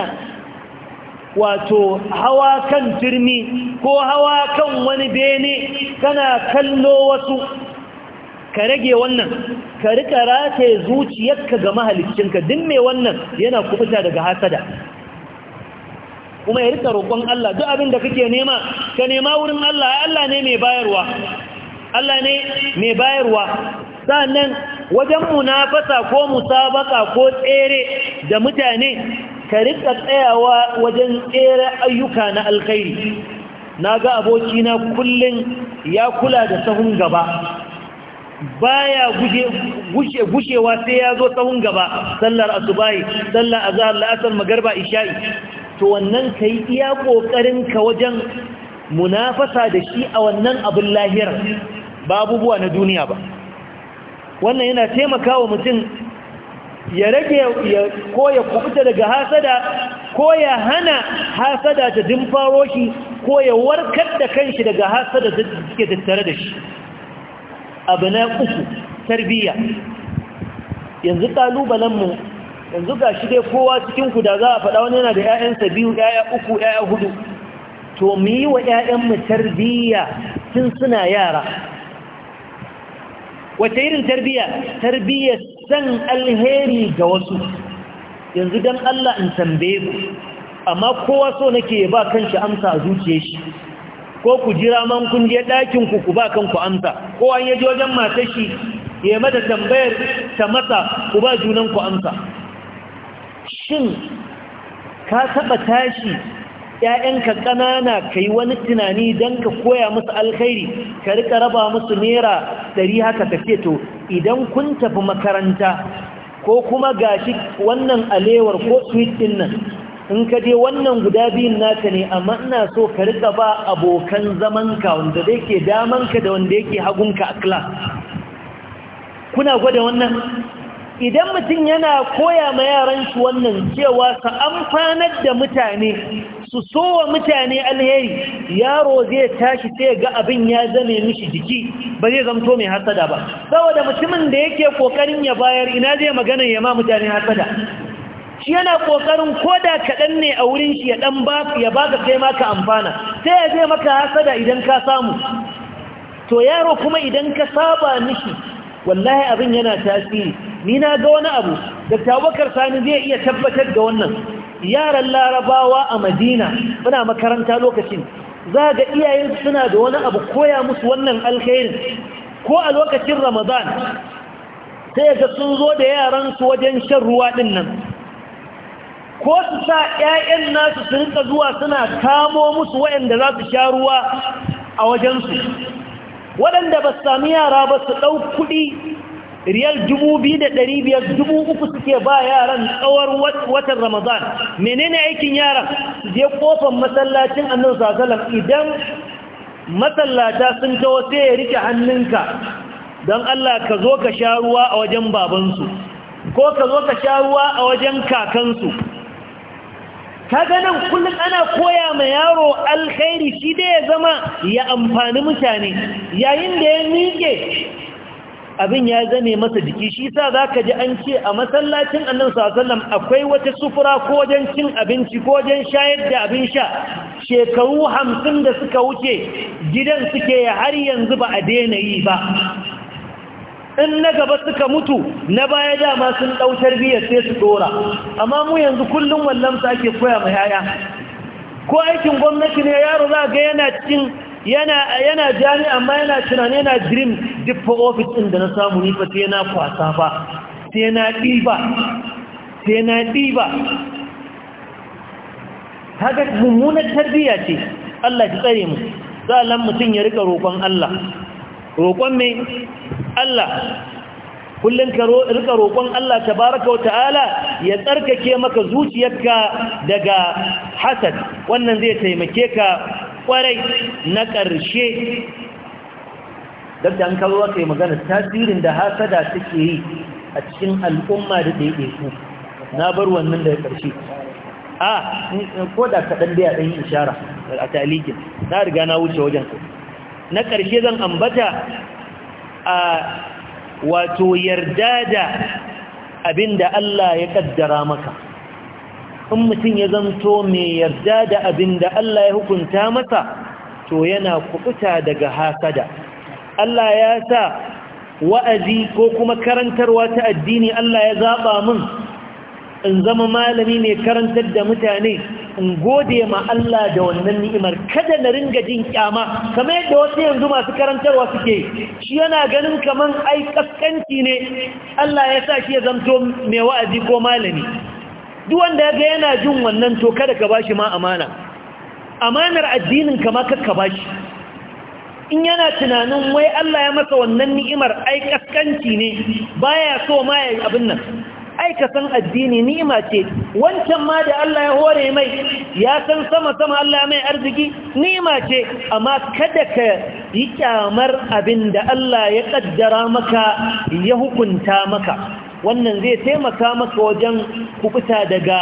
wato hawa kan turmi ko hawa kan wani bene kana kallo wasu ka rage wannan ka rika rataye zuciyarka ga mahalicinka duk mai wannan yana kubuta daga hasada kuma ya rika roƙon Allah duk abin da kake nema ka nema wurin Allah Allah ne mai bayarwa Allah ne mai bayarwa sannan wajen munafasa ko musabaka ko tsere da mutane ka rika tsayawa wajen tsere ayyuka na alkhairi na ga abokina kullum ya kula da sahun gaba baya guje gushewa sai ya zo tsawon gaba sallar asubahi sallar azhar la'asar magarba isha'i to wannan kai iya kokarin ka wajen munafasa da shi a wannan abin lahira ba abubuwa na duniya ba wannan yana taimakawa mutum ya rage ko ya kubuta daga hasada ko ya hana hasada ta dimfaro shi ko ya warkar da kanshi daga hasada da take tattare da shi abu na uku tarbiyya yanzu ƙalubalenmu yanzu ga shi dai kowa cikinku da za a faɗa wani yana da 'ya'yansa biyu 'ya'ya uku 'ya'ya hudu to mu yi wa 'ya'yanmu tarbiyya tun suna yara wata irin tarbiyya tarbiyya san alheri ga wasu yanzu don Allah in tambaye ku amma kowa so nake ba kanshi amsa a zuciyar shi ko ku jira man kun je ɗakin ku ku ba kanku amsa ko an yaji wajen matashi shi ya mata tambayar ta masa ku ba junan ku amsa shin ka taɓa tashi ‘ya'yanka ƙanana ka yi wani tunani don ka koya musu alkhairi ka rika raba musu naira ɗari haka ta to idan kun tafi makaranta ko kuma gashi wannan alewar ko suwit ɗin nan in ka je wannan guda biyun naka ne amma ina so ka rika ba abokan zamanka wanda da yake damanka da wanda yake hagunka a class kuna gwada wannan idan mutum yana koya ma yaran shi wannan cewa su amfanar da mutane su wa mutane alheri yaro zai tashi sai ga abin ya zame mishi jiki ba zai zamto mai hasada ba saboda mutumin da yake kokarin ya bayar ina zai magana ya ma mutane hasada shi yana ƙoƙarin ko da kaɗan ne a wurin shi ya ɗan ba ya baka sai maka amfana sai ya zai maka hasada idan ka samu to yaro kuma idan ka saba mishi wallahi abin yana tasiri ni na ga wani abu da Abubakar sani zai iya tabbatar da wannan yaran larabawa a madina suna makaranta lokacin za ga iyayen suna da wani abu koya musu wannan alkhairin ko a lokacin ramadan sai ga sun zo da yaransu wajen shan ruwa din nan ko su sa 'ya'yan nasu su rinka zuwa suna kamo musu waɗanda za su sha ruwa a wajensu waɗanda ba su sami yara ba su ɗau kuɗi riyal dubu biyu da ɗari biyar dubu uku suke ba yaran tsawar watan ramadan menene aikin yaran su je kofan masallacin annan sasalam idan masallata sun ta sai ya rike hannunka don allah ka zo ka sha ruwa a wajen babansu ko ka zo ka sha ruwa a wajen kakansu kaga nan kullum ana koya ma yaro alkhairi shi da ya zama ya amfani mutane yayin da ya miƙe abin ya zame masa jiki shi sa za ka ji an ce a masallacin annan sallam akwai wata sufura ko wajen cin abinci ko wajen shayar da abin sha shekaru hamsin da suka wuce gidan suke ya har yanzu ba a daina yi ba in na gaba suka mutu na baya dama sun ɗautar tarbiyyar sai su dora amma mu yanzu kullum su ake koya ma yaya ko aikin gwamnati ne yaro za ga yana cin yana jami amma yana tunani yana dream duk ofis ɗin da na samu ni fa sai na kwasa fa sai na ɗiba sai na ɗiba haka mummunar tarbiyya ce Allah ki tsare mu za a lan mutum ya rika roƙon Allah roƙon mai Allah kullum ka rika roƙon Allah tabaraka wa ta'ala ya tsarkake maka zuciyarka daga hasad wannan zai taimake ka kwarai na ƙarshe dabda an kawo yi magana tasirin da hasada take yi a cikin al'umma da ɗaiɗaiku na bar wannan daga ƙarshe a ah, ko da kaɗan da ya ɗan yi ishara a talikin na riga na wuce wajen ku. na ƙarshe zan ambata a wato yarda da abin da Allah ya ƙaddara maka in mutum ya zanto mai yarda da abin da Allah ya hukunta masa to yana kuɓuta daga hasada Allah ya sa wa'azi ko kuma karantarwa ta addini Allah ya zaɓa min in zama malami mai karantar da mutane in gode ma Allah da wannan ni'imar kada na ringa jin kyama kamar yadda wasu yanzu masu karantarwa suke shi yana ganin kaman ai kaskanci ne Allah ya sa shi ya zamto mai wa'azi ko malami duk wanda ya ga yana jin wannan to kada ka bashi ma amana amanar addinin ka ka bashi in yana tunanin wai Allah ya masa wannan ni'imar ai kaskanci ne baya so ma ya abin nan ai ka san addini ni'ima ce wancan ma da Allah ya hore mai ya san sama sama Allah mai arziki ni'ima ce amma kada ka yi kyamar abin da Allah ya kaddara maka ya hukunta maka wannan zai taimaka maka wajen kubuta daga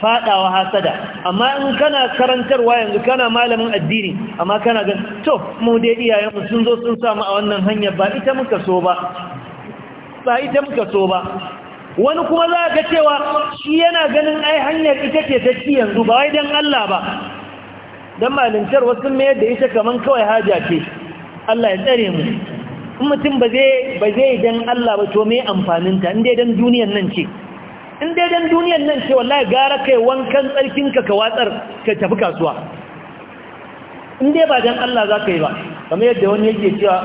fadawa hasada amma in kana karantarwa yanzu kana malamin addini amma kana gan to mu dai iyayenmu sun zo sun samu a wannan hanyar ba ita muka so ba ba ita muka so ba wani kuma za ga cewa shi yana ganin ai hanyar ita ce ta ci yanzu ba wai don Allah ba don malintar wasu mai yadda ita kaman kawai haja ce Allah ya tsare mu in mutum ba zai ba zai don Allah ba to me amfaninta in dai don duniyan nan ce in dai don duniyan nan ce wallahi gara kai wankan tsarkinka ka watsar ka tafi kasuwa in dai ba don Allah za ka yi ba kamar yadda wani yake cewa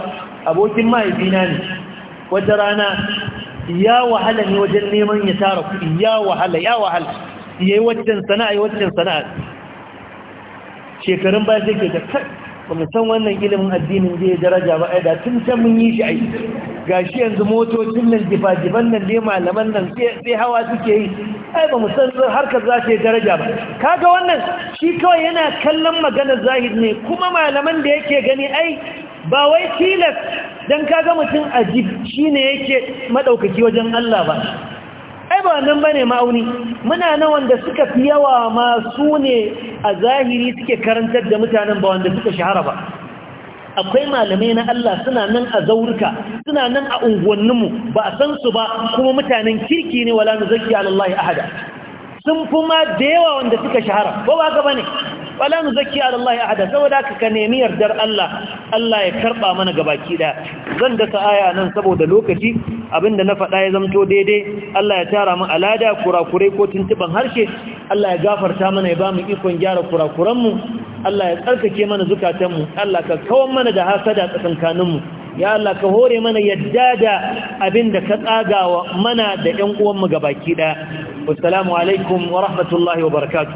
abokin mahaifina ne wata rana ya wahala ne wajen neman ya tara kuɗi ya wahala ya wahala ya yi waccan sana'a ya waccan sana'a shekarun baya zai ke da kai ba mu san wannan ilimin addinin zai daraja ba ai da tun can mun yi shi Ga shi yanzu motocin nan jifa-jifan nan dai malaman nan sai hawa suke yi ai ba mu san harkar za su yi daraja ba kaga wannan shi kawai yana kallon maganar zahid ne kuma malaman da yake gani ai ba wai tilas don kaga mutum ajib shi ne yake maɗaukaki wajen Allah ba ai ba nan ba ne ma'auni muna na wanda suka fi yawa masu ne a zahiri suke karantar da mutanen ba wanda suka shahara ba akwai malamai na Allah suna nan a zaurika suna nan a unguwanninmu ba a san su ba kuma mutanen kirki ne wala nuzaki alallahi ahada sun fi ma da yawa wanda suka shahara ba ba ka ba ne wala nu zaki ala Allah ahada saboda ka ka nemi yardar Allah Allah ya karba mana gabaki da zan dasa ta aya nan saboda lokaci abinda na faɗa ya zamto daidai Allah ya tara mu alada kurakurai ko tuntuban harshe Allah ya gafarta mana ya ba mu ikon gyara kurakuran mu Allah ya tsarkake mana zukatan mu Allah ka kawar mana da hasada tsakankanin mu ya Allah ka hore mana yadda da abinda ka tsagawa mana da ‘yan uwanmu gabaki ɗaya. Wassalamu alaikum wa rahmatullahi wa barakatu.